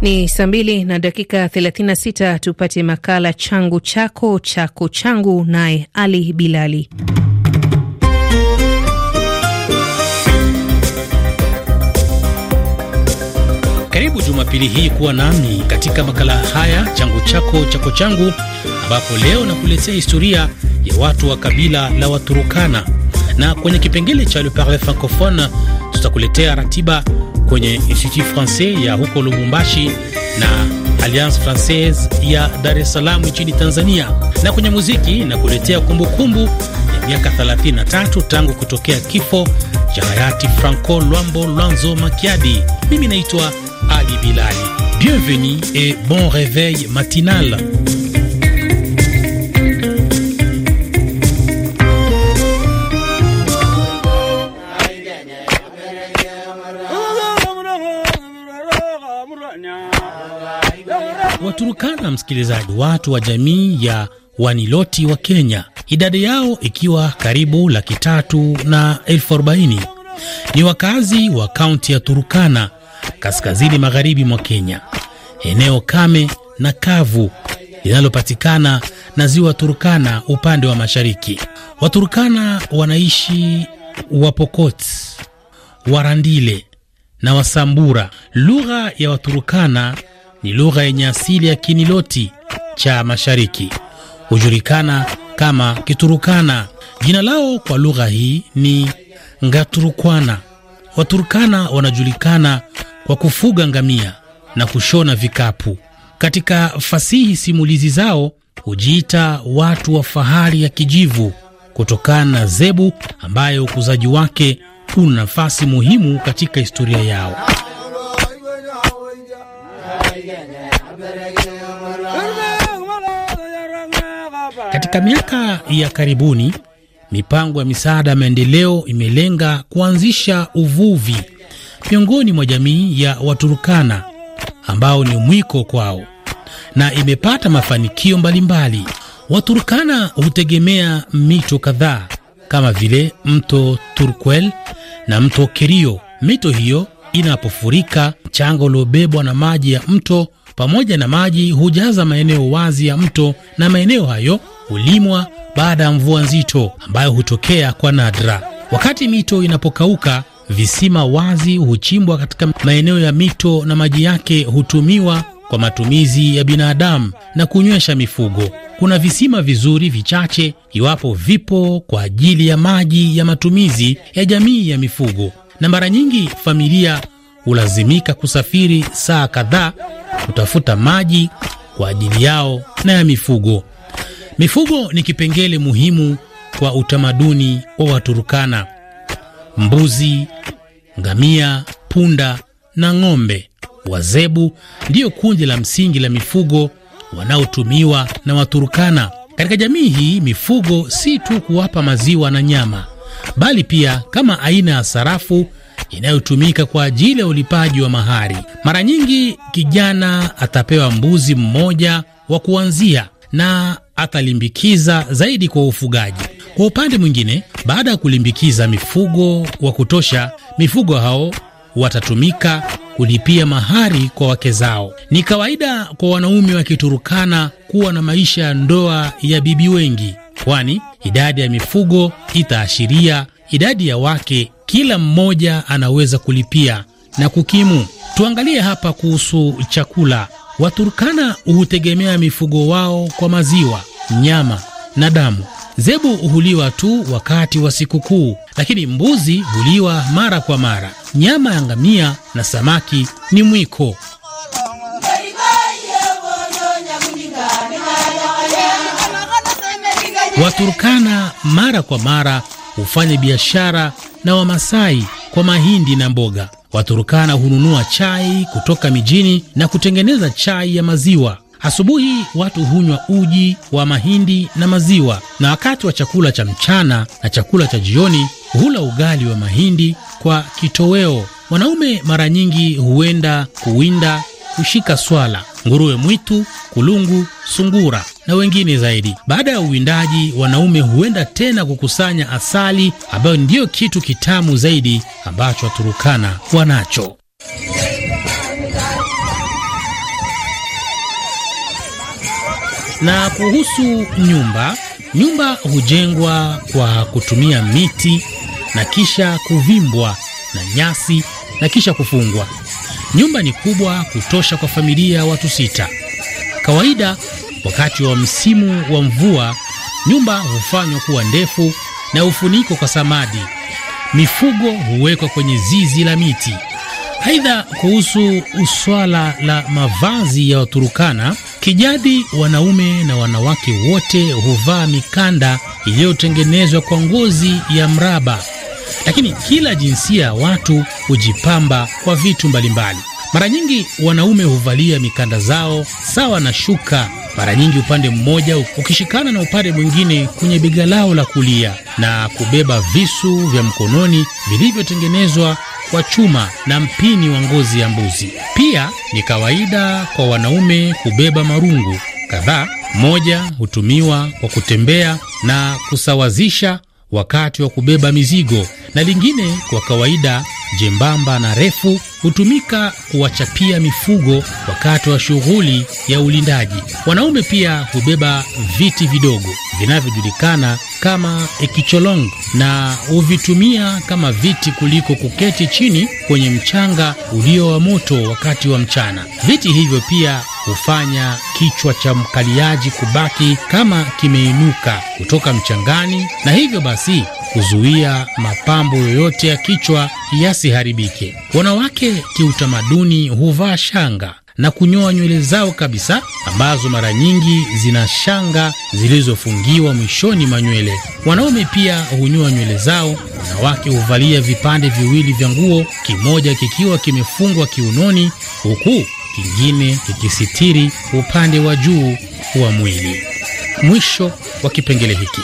Ni saa mbili na dakika 36. Tupate makala changu chako chako changu, naye Ali Bilali. Karibu Jumapili hii kuwa nami katika makala haya changu chako chako changu, ambapo leo nakuletea historia ya watu wa kabila la Waturukana, na kwenye kipengele cha Le Parle Francophone tutakuletea ratiba kwenye Institut Francais ya huko Lubumbashi na Alliance Francaise ya Dar es Salaam nchini Tanzania. Na kwenye muziki na kuletea kumbukumbu ya miaka 33 tangu kutokea kifo cha hayati Franco Luambo Lwanzo Makiadi. Mimi naitwa Ali Bilali. Bienvenue et bon réveil matinal. sana msikilizaji, watu wa jamii ya Waniloti wa Kenya, idadi yao ikiwa karibu laki tatu na elfu arobaini ni wakazi wa kaunti ya Turukana, kaskazini magharibi mwa Kenya, eneo kame na kavu linalopatikana na ziwa Turukana upande wa mashariki. Waturukana wanaishi Wapokot, Warandile na Wasambura. Lugha ya Waturukana ni lugha yenye asili ya Kiniloti cha mashariki, hujulikana kama Kiturukana. Jina lao kwa lugha hii ni Ngaturukwana. Waturukana wanajulikana kwa kufuga ngamia na kushona vikapu. Katika fasihi simulizi zao hujiita watu wa fahari ya kijivu kutokana na zebu ambayo ukuzaji wake una nafasi muhimu katika historia yao. Katika miaka ya karibuni, mipango ya misaada ya maendeleo imelenga kuanzisha uvuvi miongoni mwa jamii ya Waturukana ambao ni mwiko kwao na imepata mafanikio mbalimbali. Waturukana hutegemea mito kadhaa kama vile mto Turkwel na mto Kerio. Mito hiyo inapofurika, mchanga uliobebwa na maji ya mto pamoja na maji hujaza maeneo wazi ya mto, na maeneo hayo hulimwa baada ya mvua nzito ambayo hutokea kwa nadra. Wakati mito inapokauka, visima wazi huchimbwa katika maeneo ya mito na maji yake hutumiwa kwa matumizi ya binadamu na kunywesha mifugo. Kuna visima vizuri vichache, iwapo vipo, kwa ajili ya maji ya matumizi ya jamii ya mifugo, na mara nyingi familia hulazimika kusafiri saa kadhaa kutafuta maji kwa ajili yao na ya mifugo. Mifugo ni kipengele muhimu kwa utamaduni wa Waturukana. Mbuzi, ngamia, punda na ng'ombe wazebu ndiyo kundi la msingi la mifugo wanaotumiwa na Waturukana. Katika jamii hii, mifugo si tu kuwapa maziwa na nyama, bali pia kama aina ya sarafu inayotumika kwa ajili ya ulipaji wa mahari. Mara nyingi kijana atapewa mbuzi mmoja wa kuanzia na atalimbikiza zaidi kwa ufugaji. Kwa upande mwingine, baada ya kulimbikiza mifugo wa kutosha, mifugo hao watatumika kulipia mahari kwa wake zao. Ni kawaida kwa wanaume wa Kiturukana kuwa na maisha ya ndoa ya bibi wengi, kwani idadi ya mifugo itaashiria idadi ya wake kila mmoja anaweza kulipia na kukimu. Tuangalie hapa kuhusu chakula. Waturkana hutegemea mifugo wao kwa maziwa, nyama na damu. Zebu huliwa tu wakati wa sikukuu, lakini mbuzi huliwa mara kwa mara. Nyama ya ngamia na samaki ni mwiko. Waturkana mara kwa mara hufanya biashara na Wamasai kwa mahindi na mboga. Waturukana hununua chai kutoka mijini na kutengeneza chai ya maziwa. Asubuhi watu hunywa uji wa mahindi na maziwa, na wakati wa chakula cha mchana na chakula cha jioni hula ugali wa mahindi kwa kitoweo. Wanaume mara nyingi huenda kuwinda, kushika swala nguruwe mwitu, kulungu, sungura na wengine zaidi. Baada ya uwindaji, wanaume huenda tena kukusanya asali ambayo ndiyo kitu kitamu zaidi ambacho Waturukana wanacho. Na kuhusu nyumba, nyumba hujengwa kwa kutumia miti na kisha kuvimbwa na nyasi na kisha kufungwa. Nyumba ni kubwa kutosha kwa familia ya watu sita. Kawaida wakati wa msimu wa mvua nyumba hufanywa kuwa ndefu na hufunikwa kwa samadi. Mifugo huwekwa kwenye zizi la miti. Aidha, kuhusu swala la mavazi ya Waturukana, kijadi wanaume na wanawake wote huvaa mikanda iliyotengenezwa kwa ngozi ya mraba lakini kila jinsia watu hujipamba kwa vitu mbalimbali. Mara nyingi wanaume huvalia mikanda zao sawa na shuka, mara nyingi upande mmoja ukishikana na upande mwingine kwenye bega lao la kulia, na kubeba visu vya mkononi vilivyotengenezwa kwa chuma na mpini wa ngozi ya mbuzi. Pia ni kawaida kwa wanaume kubeba marungu kadhaa. Moja hutumiwa kwa kutembea na kusawazisha wakati wa kubeba mizigo, na lingine kwa kawaida jembamba na refu hutumika kuwachapia mifugo wakati wa shughuli ya ulindaji. Wanaume pia hubeba viti vidogo vinavyojulikana kama ekicholong na huvitumia kama viti kuliko kuketi chini kwenye mchanga ulio wa moto wakati wa mchana. Viti hivyo pia hufanya kichwa cha mkaliaji kubaki kama kimeinuka kutoka mchangani, na hivyo basi kuzuia mapambo yoyote ya kichwa yasiharibike. Wanawake kiutamaduni huvaa shanga na kunyoa nywele zao kabisa, ambazo mara nyingi zina shanga zilizofungiwa mwishoni mwa nywele. Wanaume pia hunyoa nywele zao. Wanawake huvalia vipande viwili vya nguo, kimoja kikiwa kimefungwa kiunoni, huku kingine kikisitiri upande wa juu wa mwili. Mwisho wa kipengele hiki.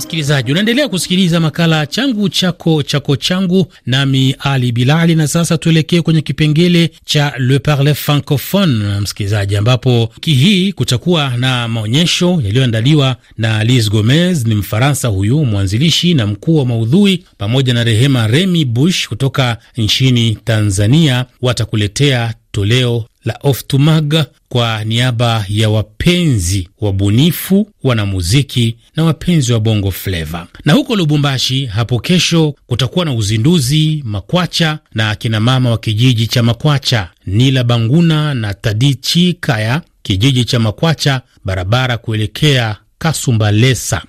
msikilizaji, unaendelea kusikiliza makala changu chako chako changu, nami Ali Bilali. Na sasa tuelekee kwenye kipengele cha Le Parle Francophone, msikilizaji, ambapo wiki hii kutakuwa na maonyesho yaliyoandaliwa na Lise Gomez, ni Mfaransa huyu mwanzilishi na mkuu wa maudhui, pamoja na Rehema Remi Bush kutoka nchini Tanzania. Watakuletea toleo la Oftumag kwa niaba ya wapenzi wabunifu, wanamuziki na wapenzi wa bongo fleva. Na huko Lubumbashi hapo kesho kutakuwa na uzinduzi makwacha na akinamama wa kijiji cha Makwacha, Nila Banguna na Tadichi Kaya, kijiji cha Makwacha, barabara kuelekea Kasumbalesa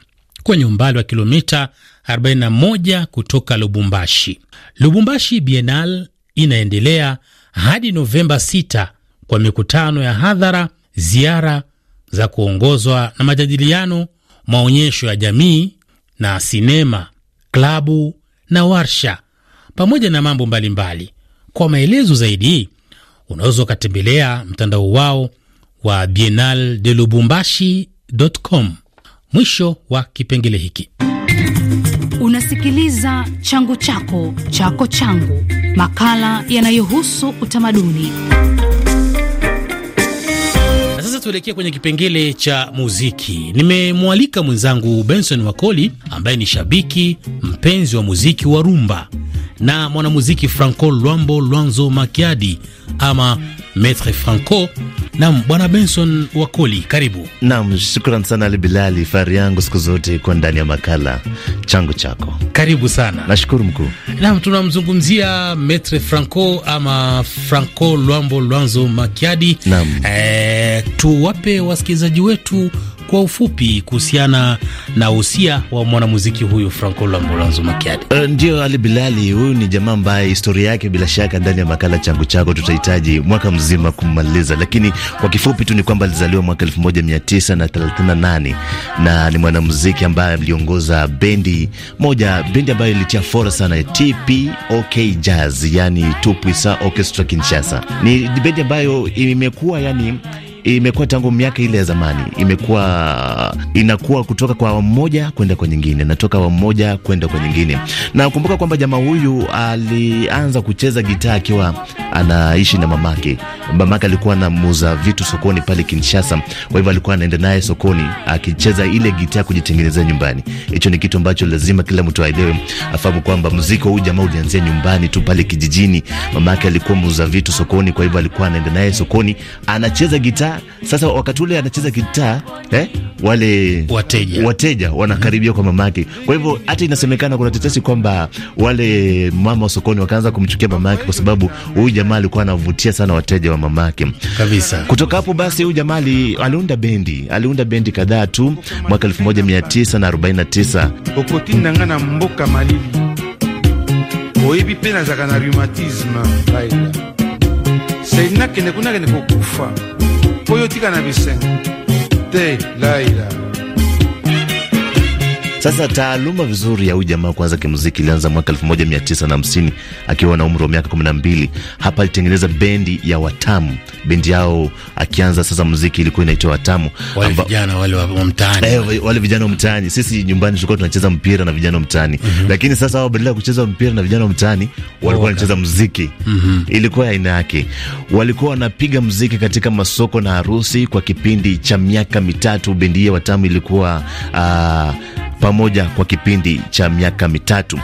kwenye umbali wa kilomita 41 kutoka Lubumbashi. Lubumbashi Bienal inaendelea hadi Novemba 6 kwa mikutano ya hadhara, ziara za kuongozwa na majadiliano, maonyesho ya jamii na sinema, klabu na warsha, pamoja na mambo mbalimbali mbali. Kwa maelezo zaidi unaweza ukatembelea mtandao wao wa Biennale de Lubumbashi.com. Mwisho wa kipengele hiki. Unasikiliza changu chako chako changu makala yanayohusu utamaduni tuelekee kwenye kipengele cha muziki. Nimemwalika mwenzangu Benson Wakoli ambaye ni shabiki mpenzi wa muziki wa rumba na mwanamuziki Franco Luambo Luanzo Makiadi ama Maitre Franco. Nam, Bwana Benson Wakoli, karibu. Nam, shukran sana Ali Bilali, fahari yangu siku zote kuwa ndani ya makala changu chako. Karibu sana. Nashukuru mkuu. Nam, tunamzungumzia Maitre Franco ama Franco Luambo Luanzo Makiadi. Nam. E, eh, tu tuwape wape wasikilizaji wetu kwa ufupi kuhusiana na usia wa mwanamuziki huyu Franco Lambolanzo Makiadi. Uh, ndio Ali Bilali, huyu ni jamaa ambaye historia yake bila shaka ndani ya makala changu chako tutahitaji mwaka mzima kumaliza, lakini kwa kifupi tu ni kwamba alizaliwa mwaka 1938 na ni mwanamuziki ambaye aliongoza bendi moja, bendi ambayo ilitia fora sana ya OK Jazz, yani Tupwisa Orchestra Kinshasa. Ni bendi ambayo imekuwa yani imekuwa tangu miaka ile ya zamani, imekuwa inakuwa kutoka kwa mmoja kwenda kwa nyingine, natoka awamu mmoja kwenda kwa nyingine. Na kumbuka kwamba jamaa huyu alianza kucheza gitaa akiwa anaishi na mamake. Mamake alikuwa anamuuza vitu sokoni pale Kinshasa, kwa hivyo alikuwa anaenda naye sokoni akicheza ile gitaa kujitengenezea nyumbani. Hicho ni kitu ambacho lazima kila mtu aelewe, afahamu kwamba muziki huu jamaa ulianzia nyumbani tu pale kijijini. Mamake alikuwa muuza vitu sokoni, kwa hivyo alikuwa anaenda naye sokoni anacheza gitaa. Sasa wakati ule anacheza gitaa eh, wale wateja, wateja wanakaribia kwa mamake. Kwa hivyo hata inasemekana kuna tetesi kwamba wale mama wa sokoni wakaanza kumchukia mamake kwa sababu huyu jamaa alikuwa anavutia sana wateja wa mamake kabisa. Kutoka hapo basi, huyu jamaa aliunda bendi, aliunda bendi kadhaa tu mwaka 1949 okoti nanga na mboka malili oyebi mpe nazaka na rhumatisme seina sei kuna kende kokufa oyo tika na bisenga te laila sasa taaluma vizuri ya huyu jamaa kwanza kimuziki ilianza mwaka 1950 akiwa na umri wa miaka 12. Hapa alitengeneza bendi ya Watamu. Bendi yao akianza sasa muziki ilikuwa inaitwa Watamu. Wale Amba, vijana wale wa mtaani. Eh, wale vijana wa mtaani. Sisi nyumbani tulikuwa tunacheza mpira na vijana wa mtaani. Mm -hmm. Lakini sasa wao badala ya kucheza mpira na vijana wa mtaani walikuwa wanacheza muziki. Mm -hmm. Ilikuwa aina yake. Walikuwa wanapiga muziki katika masoko na harusi kwa kipindi cha miaka mitatu. Bendi ya Watamu ilikuwa uh, pamoja kwa kipindi cha miaka mitatu.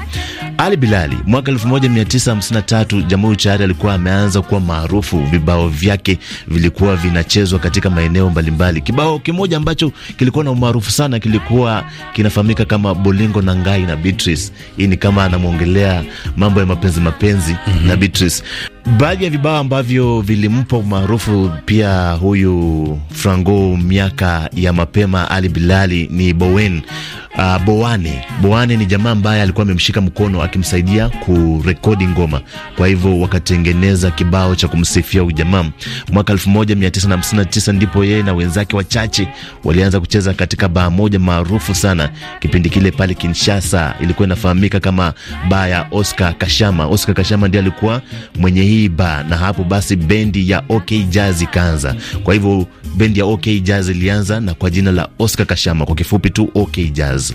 Ali Bilali mwaka 1953 Jamhuri tayari alikuwa ameanza kuwa maarufu. Vibao vyake vilikuwa vinachezwa katika maeneo mbalimbali. Kibao kimoja ambacho kilikuwa na umaarufu sana kilikuwa kinafahamika kama Bolingo na Ngai na Beatrice. Hii ni kama anamwongelea mambo ya mapenzi mapenzi, mm -hmm. na mhm. Beatrice baadhi ya vibao ambavyo vilimpa umaarufu pia huyu Frango miaka ya mapema Ali Bilali ni Bowen. Uh, uh, Bowane. ni jamaa ambaye alikuwa amemshika mkono akimsaidia kurekodi ngoma, kwa hivyo wakatengeneza kibao cha kumsifia ujamaa. Mwaka 1959 ndipo yeye na wenzake wachache walianza kucheza katika baa moja maarufu sana kipindi kile pale Kinshasa, ilikuwa inafahamika kama baa ya Oscar Kashama. Oscar Kashama ndiye alikuwa mwenye hii baa, na hapo basi bendi ya OK Jazz ikaanza. Kwa hivyo bendi ya OK Jazz ilianza na kwa jina la Oscar Kashama, kwa kifupi tu OK Jazz.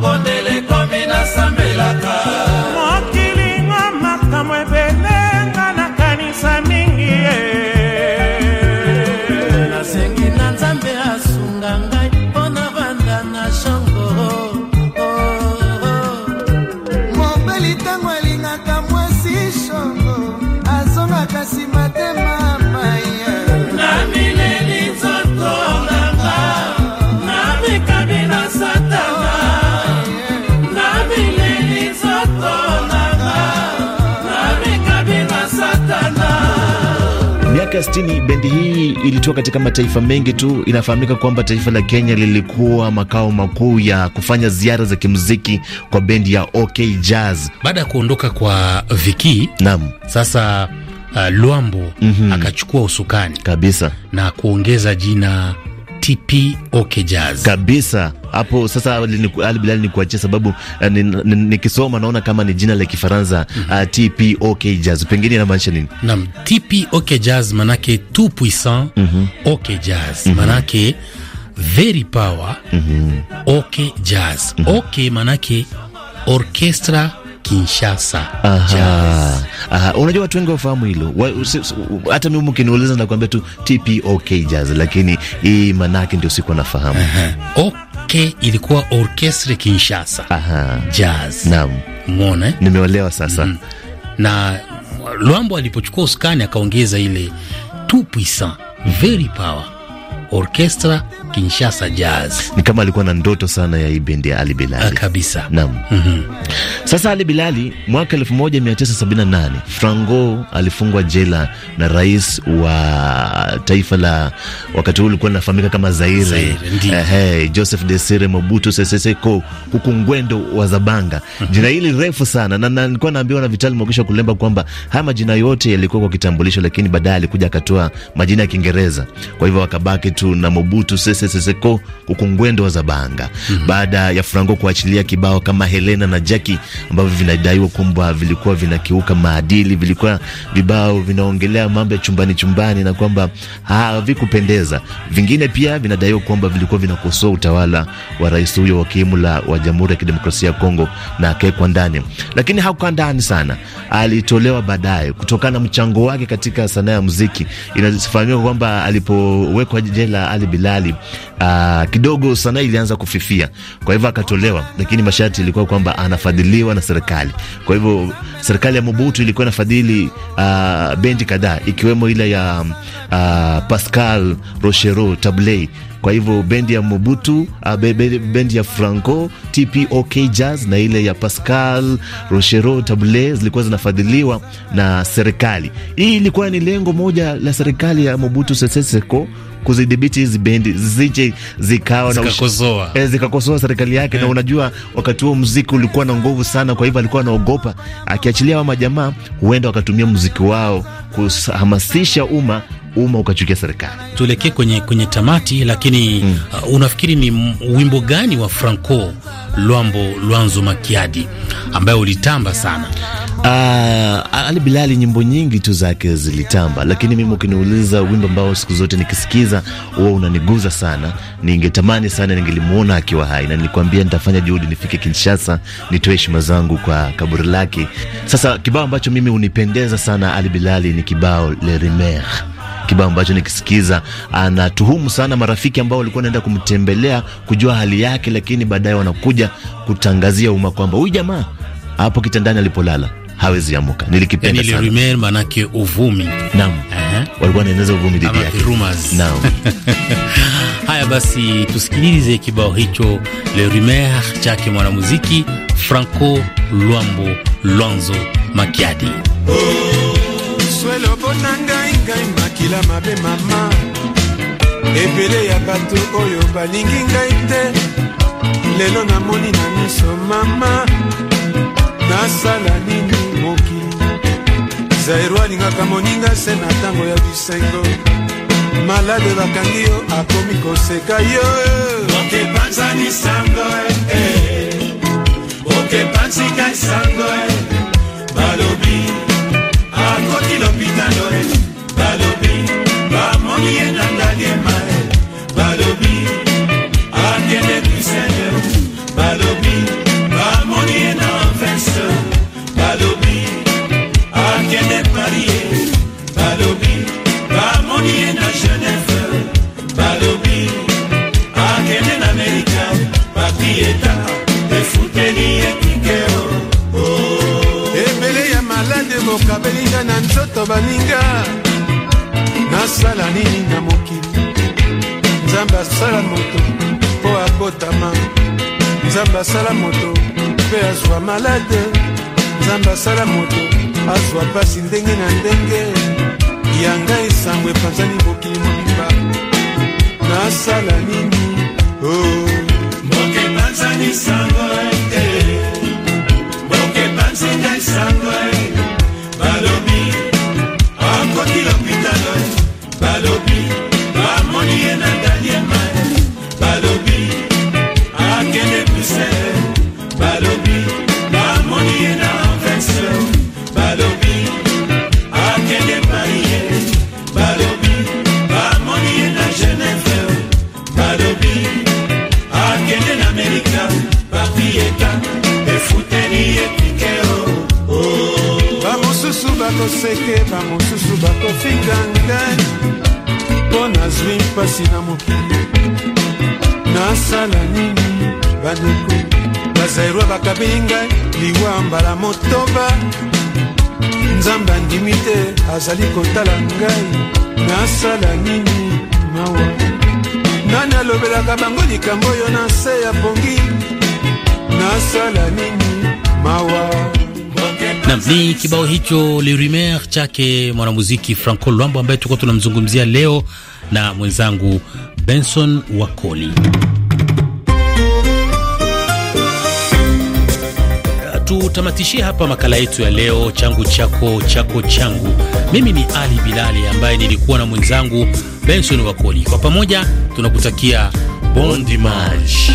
con el Lakini bendi hii ilitoka katika mataifa mengi tu. Inafahamika kwamba taifa la Kenya lilikuwa makao makuu ya kufanya ziara za kimuziki kwa bendi ya OK Jazz. Baada ya kuondoka kwa Viki, naam, sasa uh, Luambo mm -hmm. akachukua usukani kabisa na kuongeza jina TP OK kabisa. Hapo sasa Ali Bilali, kuachia sababu nikisoma eh, ni, ni naona kama ni jina la Kifaransa mm -hmm. Uh, ah, TP OK Jazz pengine inamaanisha nini? Naam, TP OK Jazz manake tout puissant mm -hmm. OK Jazz mhm. manake very power mm -hmm. OK Jazz mm -hmm. OK manake orchestra Kinshasa. Unajua watu wengi wafahamu hilo. Hata mimi mkiniuliza nakwambia tu TPOK Jazz, lakini hii manake ndio siku nafahamu. OK ilikuwa Orkestre Kinshasa. Aha. Jazz. Naam. Umeona? Eh? Nimeolewa sasa. Mm -hmm. Na Luambo alipochukua usukani akaongeza ile tout puissant, very power Orchestra Kinshasa Jazz. Ni kama alikuwa na ndoto sana ya hii bendi ya Ali Bilali ah, kabisa. Naam. Mm -hmm. Sasa Ali Bilali mwaka 1978 frango alifungwa jela na rais wa taifa la wakati huu ulikuwa linafahamika kama Zaire, Zaire eh, hey, Joseph Desire Mobutu Sese Seko huku ngwendo wa Zabanga. Mm -hmm. Jina hili refu sana na nilikuwa naambiwa na Vitali Mwagisha Kulemba kwamba haya majina yote yalikuwa kwa kitambulisho, lakini baadaye alikuja akatoa majina ya Kiingereza, kwa hivyo wakabaki Mobutu na Mobutu Sese Seseko ukungwendo wa Zabanga mm -hmm. baada ya Frango kuachilia kibao kama Helena na Jaki ambavyo vinadaiwa kwamba vilikuwa vinakiuka maadili, vilikuwa vibao vinaongelea mambo ya chumbani chumbani na kwamba havikupendeza. Vingine pia vinadaiwa kwamba vilikuwa vinakosoa utawala wa rais huyo wa kiimla wa Jamhuri ya Kidemokrasia ya Kongo na akawekwa ndani, lakini hakuwa ndani sana, alitolewa baadaye kutokana na mchango wake katika sanaa ya muziki. Inafahamika kwamba alipowekwa jela la Ali Bilali, uh, kidogo sanaa ilianza kufifia, kwa hivyo akatolewa, lakini masharti ilikuwa kwamba anafadhiliwa na serikali. Kwa hivyo serikali ya Mobutu ilikuwa inafadhili uh, bendi kadhaa ikiwemo ile ya uh, Pascal Rochero Tabley kwa hivyo bendi ya Mobutu, be, be, bendi ya Franco TPOK Jazz na ile ya Pascal Rochero Table zilikuwa zinafadhiliwa na serikali. Hii ilikuwa ni lengo moja la serikali ya Mobutu Sese Seko kuzidhibiti hizi bendi zije zikawa zikakosoa e, zikakosoa serikali yake yeah. Na eh. unajua wakati huo mziki ulikuwa na nguvu sana, kwa hivyo alikuwa anaogopa akiachilia wa majamaa huenda wakatumia mziki wao kuhamasisha umma umma ukachukia serikali. Tuelekee kwenye, kwenye tamati lakini mm. Uh, unafikiri ni wimbo gani wa Franco Luambo Lwanzo Makiadi ambaye ulitamba sana? Uh, Ali Bilali nyimbo nyingi tu zake zilitamba, lakini mimi ukiniuliza wimbo ambao siku zote nikisikiza huwa unaniguza sana, ningetamani sana ningelimuona akiwa hai, na nilikwambia nitafanya juhudi nifike Kinshasa nitoe heshima zangu kwa kaburi lake. Sasa kibao ambacho mimi unipendeza sana Ali Bilali ni kibao Le Rimer kibao ambacho nikisikiza, anatuhumu sana marafiki ambao walikuwa wanaenda kumtembelea kujua hali yake, lakini baadaye wanakuja kutangazia umma kwamba huyu jamaa hapo kitandani alipolala hawezi amuka. Nilikipenda yani sana manake uvumi. Naam, walikuwa wanaeneza uvumi dhidi yake rumors. Naam. Haya basi, tusikilize kibao hicho Le Rumeur chake mwanamuziki Franco Luambo Lonzo Makiadi. Oh, swelo ngai ingai makila mabe mama ebele ya bato oyo balingi ngai te lelo namoni na miso mama nasala nini moki zairo alingaka moninga se na ntango ya bisengo malade bakangi yo akomi koseka yo okepanzani sango eh, eh. okepansika sango eh. balobi akoti lopitalo balobi bamoni marie balobi bamoni ye na genève balobi akende na amerika bapieta efuteli ekikeo ebele ya malade bokabelinga na nzoto baninga nasala nini na mokili nzambe asala moto mpo akotama nzambe asala moto mpe azwa malade nzambe asala moto azwa pasi ndenge na ndenge yanga esango epanzani mokili mobimba nasala nini oh. mboka epanzani sango bakabenga liwamba la motoba nzambe andimi te azali kotala ngai nasala nini mawa nani alobelaka bango likambo oyo na se ya pongi nasala nini mawa ni kibao hicho Le Rumeur chake mwanamuziki Franco Lwambo ambaye tuko tunamzungumzia leo na mwenzangu Benson Wakoli. tutamatishie hapa makala yetu ya leo, changu chako chako changu. Mimi ni Ali Bilali ambaye nilikuwa na mwenzangu Benson Wakoli. Kwa pamoja tunakutakia bon dimanche.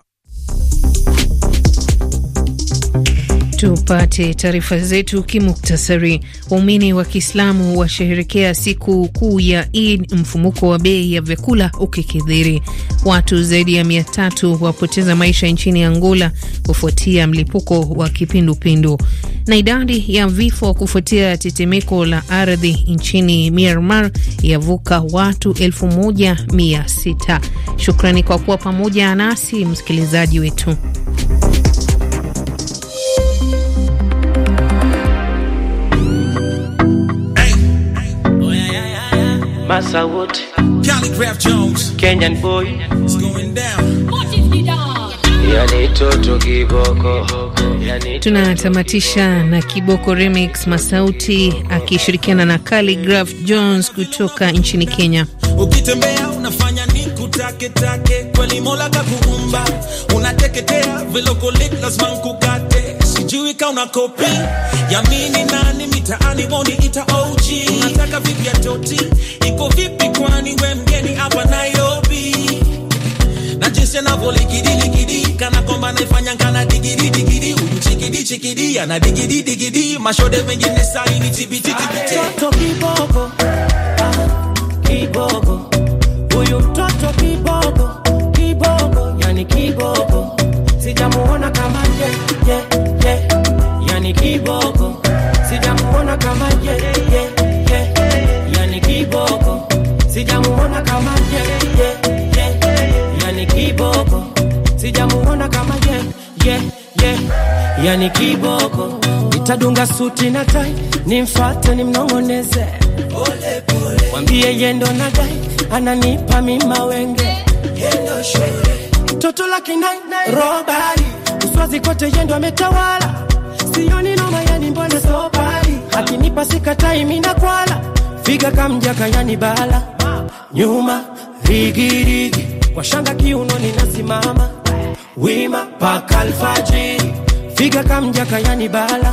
Tupate taarifa zetu kimuktasari. Waumini wa Kiislamu washeherekea siku kuu ya Eid, mfumuko wa bei ya vyakula ukikidhiri. Watu zaidi ya mia tatu wapoteza maisha nchini Angola kufuatia mlipuko wa kipindupindu, na idadi ya vifo kufuatia tetemeko la ardhi nchini Myanmar yavuka watu elfu moja mia sita. Shukrani kwa kuwa pamoja nasi msikilizaji wetu. Massa Wood, Calligraph Jones, Kenyan boy, it's going down. tunatamatisha na kiboko remix Masauti akishirikiana na Calligraph Jones kutoka nchini Kenya. Ukitembea unafanya ni kutake take, kweli Mola kakuumba, unateketea viloko lazima mkuka sijui ka una kopi yamini mimi nani mitaani woni ita OG. Nataka vipi ya toti iko vipi kwani we mgeni hapa Nairobi na jinsi anavyoligidligidi kana kwamba naifanya kana digidi digidi huyu chikidi chikidi ana digidi digidi mashode mengine saini tibiti tibiti toto kiboko ah, kiboko huyu mtoto kiboko kiboko yani kiboko sijamuona kama nje yani kiboko, sijamuona kama je, je, je, yani kiboko, sijamuona kama je, je, je, yani kiboko, sijamuona kama je, je, je, yani kiboko, nitadunga suti na tai, nimfuate nimnong'oneze, pole pole, mwambie yendo na dai, ananipa mima wenge, yendo shule, toto la kinai, robari, uswazi kote yendo ametawala Sioni noma yani mbona so pali. Akinipa sikatai mimi na kwala. Figa kamjaka yani bala. Nyuma rigirigi. Kwa shanga kiuno ninasimama. Wima paka alfajiri. Figa kamjaka yani bala.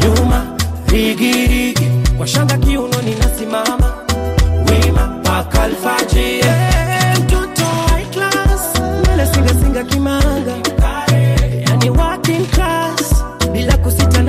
Nyuma rigirigi. Kwa shanga kiuno ninasimama. Wima paka alfajiri. Hey, eh, mtoto high class. Mele singa singa kimanga. jacuzzi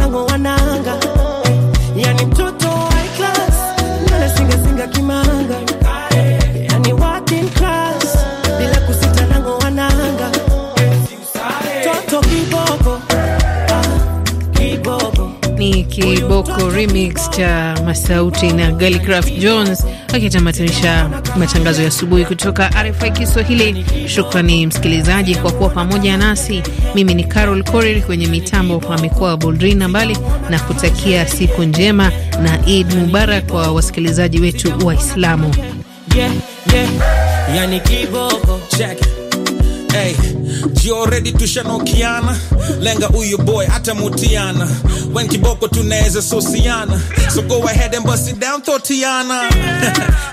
kiboko remix cha Masauti na Gallicraft Jones akitamatisha matangazo ya asubuhi kutoka RFI Kiswahili. Shukrani msikilizaji kwa kuwa pamoja nasi. Mimi ni Carol Korir, kwenye mitambo amekuwa Boldrina Mbali, na kutakia siku njema na Eid Mubarak kwa wasikilizaji wetu Waislamu. yeah, yeah. Yani kiboko check Hey, jioredi tushanokiana, lenga huyu boy atamutiana, wen kiboko tunaweza sosiana, so go ahead and bust it down thotiana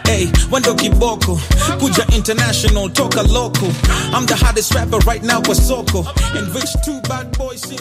hey, wendo kiboko kuja international toka local I'm the hottest rapper right now kwa soko and rich two bad boys seems